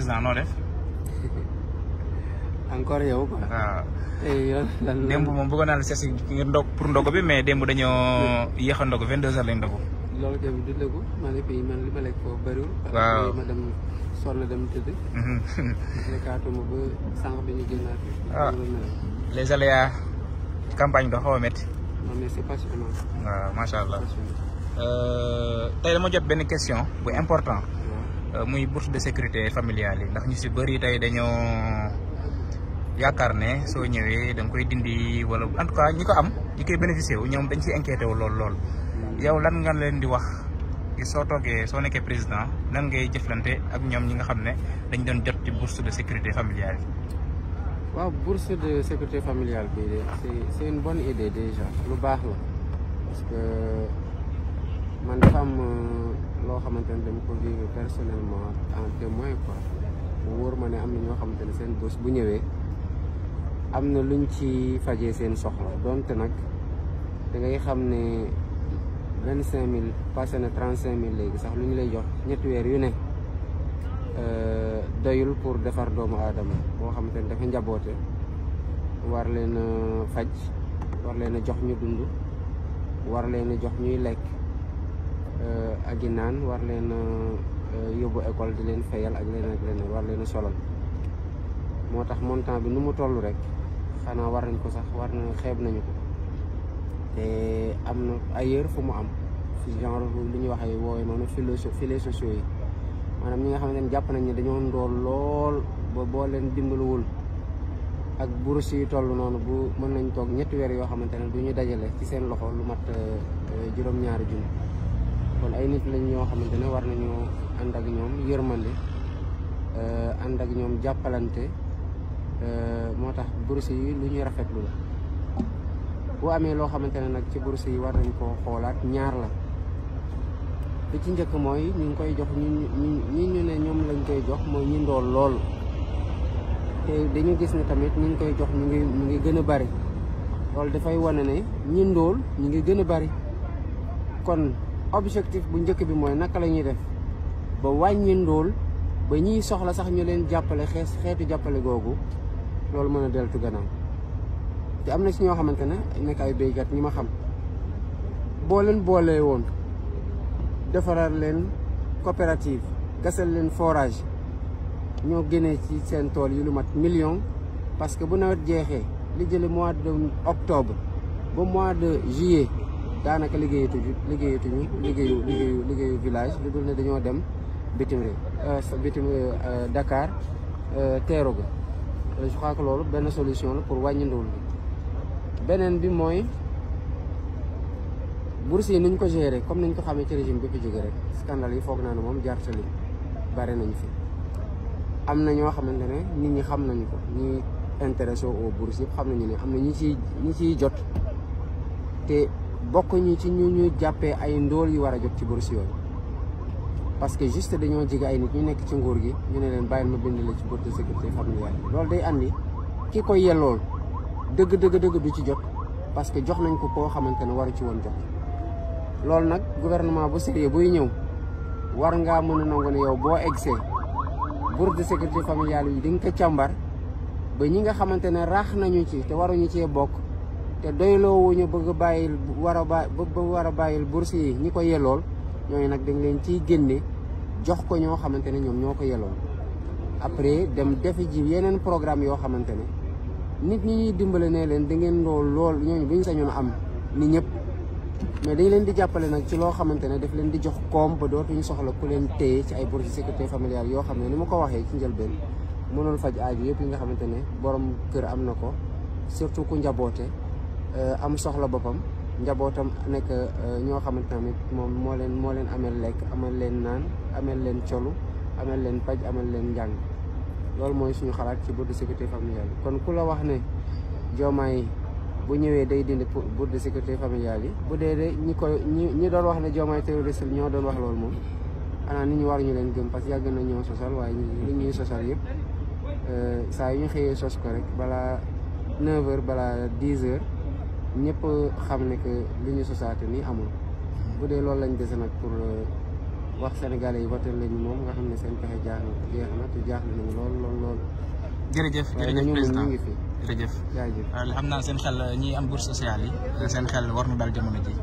président noo encore yow quoi. waaw. Ah. Eh, démb moom bëggoon naa la seet ndog pour ndogu bi mais démb dañoo yéex a ndogu 22h lañ ndogu. loolu tamit du dëgg man li mhm. ah. xaw a métti. waaw macha allah. Euh, tey dama benn question bu important. Euh, muy bourse de sécurité familiale yi ndax ñu si bëri tey dañoo yaakaar ne soo ñëwee da nga koy dindi wala en tout cas ñi ko am ñi koy bénéficier wu ñoom dañ ciy inquiété wu lool lool. yow lan nga leen di wax soo toogee soo nekkee président lan ngay jëflante ak ñoom ñi nga xam ne dañ doon jot ci bourse de sécurité familiale yi. waaw bourse de sécurité familiale bi de c'est c'est une bonne idée déjà lu baax la parce que man dafa am euh, loo xamante ne dañ ko vivre personnellement en témoin quoi mu wóor ma ne am na ñoo xamante ne seen bés bu ñëwee am na lu luñ ci fajee seen soxla donte nag da ngay xam ne vingt cinq mille passé na trente cinq mille léegi sax lu ñu lay jox ñetti weer yu ne euh, doyul pour defar doomu aadama boo xamante ne dafa njaboote war leen a faj war leen jox ñu dund war leen jox ñuy lekk Euh, ak i naan war leen euh, yóbbu école di leen fayal ak leen ak leen war leen solal moo tax montant bi nu mu toll rek xanaa war nañ ko sax war na xeeb nañu ko te am na ailleurs fu mu am ci genre li ñuy waxee woowee noonu filets filets sociaux yi maanaam ñi nga xamante ne jàpp nañ ne dañoo ndool lool ba boo leen dimbaluwul ak bourse yi toll noonu bu mën nañ toog ñetti weer yoo xamante ne du ñu dajale ci seen loxo lu mat euh, juróom-ñaari junni kon ay nit lañ ñoo xamante ne war nañu ànd ak ñoom yërmande euh, ànd ak ñoom jàppalante euh, moo tax bourse yi lu ñuy rafetlu la bu amee loo xamante ne nag ci bourse yi war nañ koo xoolaat ñaar la li ci njëkk mooy ñu ngi koy jox ñu ñi ñu ne ñoom lañ koy jox mooy ñu ndool lool te dañu gis ne tamit ñu ngi koy jox ñu ngi ñu ngi gën a bari loolu dafay wane ne ñi ndool ñu ngi gën a bari kon objectif bu njëkk bi mooy naka la ñuy def ba wàññi ndóol ba ñiy soxla sax ñu leen jàppale xees xeetu jàppale googu loolu mën a deltu gannaaw te am na si ñoo xamante ne nekk ay béykat ñi ma xam boo boolee woon defaral leen coopérative gasal leen forage ñoo génnee ci seen tool yi lu mat million parce que bu nawet jeexee li jële mois de octobre ba mois de juillet daanaka liggéeyatuñu liggéeyatuñu liggéeyu liggéeyu liggéeyu village lu dul ne dañoo dem bitim réew euh, bitim dakaar euh, euh, Dakar ga je crois que loolu benn solution la pour wàññi bi beneen bi mooy bourse yi ni ñu ko géré comme niñ ko xamee ci régime bi fi jóge rek scandale yi foog naa ne moom jaar sa li bare nañ fi am na ñoo xamante ne nit ñi xam nañu ko ñi intéressé aux bourses yëpp xam nañu ne am na ñi ciy ñi ciy jot te bokk ñu ci ñu ñu jàppee ay ndóol yu war a jot ci bourse yooyu parce que juste dañoo jege ay nit ñu nekk ci nguur gi ñu ne leen bàyyil ma bind la ci bourse de sécurité familiale loolu day andi ki koy yellool dëgg dëgg du ci jot parce que jox nañ ko koo xamante ne waru ci woon jot loolu nag gouvernement bu sérieux buy ñëw war ngaa mën a nangu ne yow boo egsee bourse de sécurité familiale yi di nga ko càmbar ba ñi nga xamante ne raax nañu ci te waruñu cee bokk te doyloowuñu bëgg a bàyyil war a ba ba a bàyyil bourse yi ñi ko yelool ñooñu nag dañ leen ciy génne jox ko ñoo xamante ne ñoom ñoo ko yelool après dem defi ji yeneen programme yoo xamante ne nit ñi ñuy dimbale nee leen da ngeen lool lool ñooñu bu ñu sañoon am ni ñëpp mais dañ leen di jàppale nag ci loo xamante ne daf leen di jox koom ba dootuñu soxla ku leen téye ci ay bourse sécurité familiale yoo xam ne ni ma ko waxee ci njëlbeen mënul faj aaju yëpp yi nga xamante ne borom kër am na ko surtout ku njaboote Euh, am soxla boppam njabootam nekk euh, ñoo xamante ne moom moo leen moo leen amel lekk amal leen naan amel leen colu amel leen paj amal leen njàng loolu mooy suñu xalaat ci bourse de familial familiale kon ku la wax ne Diomaye bu ñëwee day dindi bourse de sécurité familiale yi bu dee de ñi koy ñi ñi doon wax ne Diomaye terroriste ñoo doon wax loolu moom xanaa nit ñi waruñu leen gëm parce que yàgg na ñoo sosal waaye li ñuy sosal yëpp euh, saa yu ñu xëyee sos ko rek balaa 9 heures balaa 10 ñëpp xam ne que li ñu sosaate nii amul bu dee loolu lañ dese nag pour euh, wax sénégalais yi wateel lañu moom nga xam ne seen pexe jaax na jeex na te jaaxle nañu lool lool lool. jërëjëf jërëjëf président ngi fi jërëjëf jaajëf xam naa seen xel ñi am bourse sociale yi seen xel war na daal jamono ji